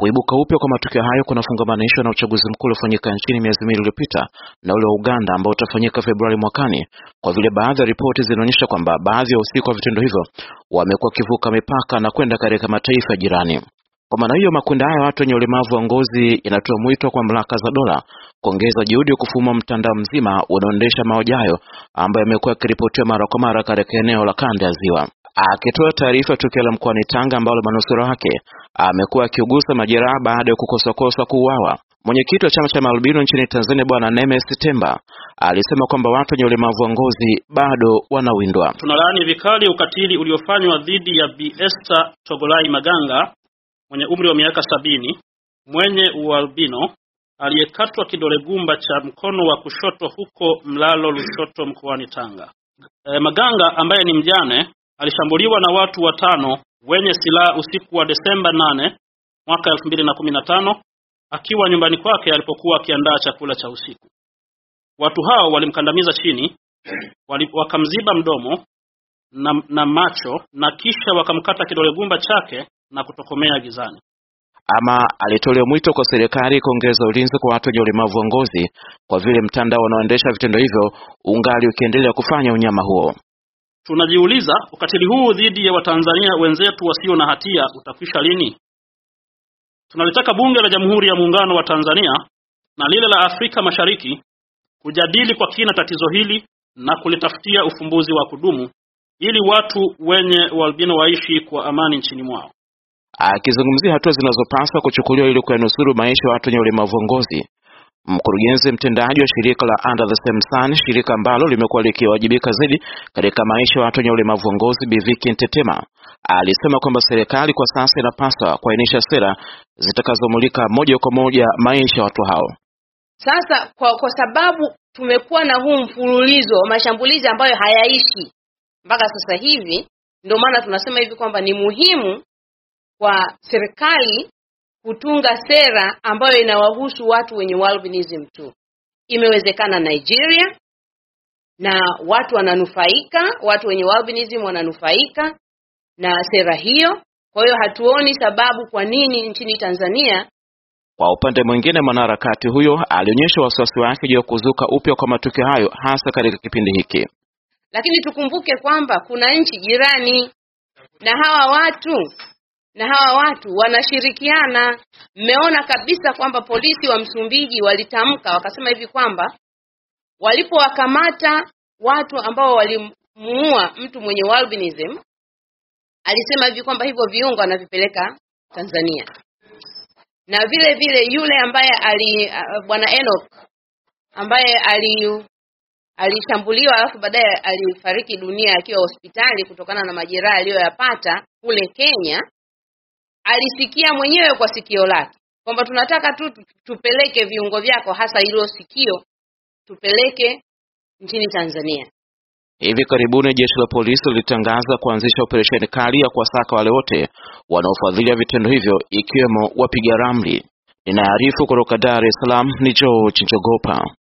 Kuibuka upya kwa matukio hayo kunafungamanishwa na uchaguzi mkuu uliofanyika nchini miezi miwili iliyopita na ule wa Uganda ambao utafanyika Februari mwakani, kwa vile baadhi ya ripoti zinaonyesha kwamba baadhi ya wahusika wa vitendo hivyo wamekuwa wakivuka mipaka na kwenda katika mataifa jirani. Kwa maana hiyo, makundi haya ya watu wenye ulemavu wa ngozi yanatoa mwito kwa mamlaka za dola kuongeza juhudi ya kufuma mtandao mzima unaoendesha mauaji hayo ambayo yamekuwa yakiripotiwa mara kwa mara katika eneo la kanda ya Ziwa. Akitoa taarifa tukio la mkoani Tanga ambalo manusura wake amekuwa akiugusa majeraha baada ya kukosakosa kuuawa, mwenyekiti wa chama cha maalbino nchini Tanzania Bwana Nemes Temba alisema kwamba watu wenye ulemavu wa ngozi bado wanawindwa. Tunalaani vikali ukatili uliofanywa dhidi ya Bi Esther Togolai Maganga mwenye umri wa miaka sabini mwenye ualbino aliyekatwa kidole gumba cha mkono wa kushoto huko Mlalo Lushoto mkoani Tanga. E, Maganga ambaye ni mjane alishambuliwa na watu watano wenye silaha usiku wa Desemba 8 mwaka 2015 akiwa nyumbani kwake alipokuwa akiandaa chakula cha usiku. Watu hao walimkandamiza chini, wakamziba mdomo na, na macho na kisha wakamkata kidole gumba chake na kutokomea gizani. Ama alitolewa mwito kwa serikali kuongeza ulinzi kwa watu wenye ulemavu wa ngozi kwa vile mtandao unaoendesha vitendo hivyo ungali ukiendelea kufanya unyama huo. Tunajiuliza, ukatili huu dhidi ya Watanzania wenzetu wasio na hatia utakwisha lini? Tunalitaka Bunge la Jamhuri ya Muungano wa Tanzania na lile la Afrika Mashariki kujadili kwa kina tatizo hili na kulitafutia ufumbuzi wa kudumu ili watu wenye ualbino waishi kwa amani nchini mwao. Akizungumzia hatua zinazopaswa kuchukuliwa ili kuyanusuru maisha ya watu wenye ulemavu wa ngozi, Mkurugenzi mtendaji wa shirika la Under the Same Sun, shirika ambalo limekuwa likiwajibika zaidi katika maisha ya watu wenye ulemavu wa ngozi, Biviki Ntetema alisema kwamba serikali kwa sasa inapaswa kuainisha sera zitakazomulika moja kwa moja maisha ya watu hao. Sasa kwa, kwa sababu tumekuwa na huu mfululizo wa mashambulizi ambayo hayaishi mpaka sasa hivi, ndio maana tunasema hivi kwamba ni muhimu kwa serikali kutunga sera ambayo inawahusu watu wenye albinism tu. Imewezekana Nigeria, na watu wananufaika, watu wenye albinism wananufaika na sera hiyo. Kwa hiyo hatuoni sababu kwa nini nchini Tanzania kwa upande mwingine, mwanaharakati huyo alionyesha wasiwasi wake juu ya kuzuka upya kwa matukio hayo hasa katika kipindi hiki. Lakini tukumbuke kwamba kuna nchi jirani na hawa watu na hawa watu wanashirikiana. Mmeona kabisa kwamba polisi wa Msumbiji walitamka wakasema hivi kwamba walipowakamata watu ambao walimuua mtu mwenye albinism, alisema hivi kwamba hivyo viungo anavipeleka Tanzania, na vile vile yule ambaye ali uh, bwana Enoch ambaye ali alishambuliwa alafu baadaye alifariki dunia akiwa hospitali kutokana na majeraha aliyoyapata kule Kenya alisikia mwenyewe kwa sikio lake kwamba tunataka tu tupeleke viungo vyako hasa hilo sikio tupeleke nchini Tanzania. Hivi karibuni jeshi la polisi lilitangaza kuanzisha operesheni kali ya kuwasaka wale wote wanaofadhilia vitendo hivyo ikiwemo wapiga ramli. Ninaarifu kutoka Dar es Salaam ni George Njogopa.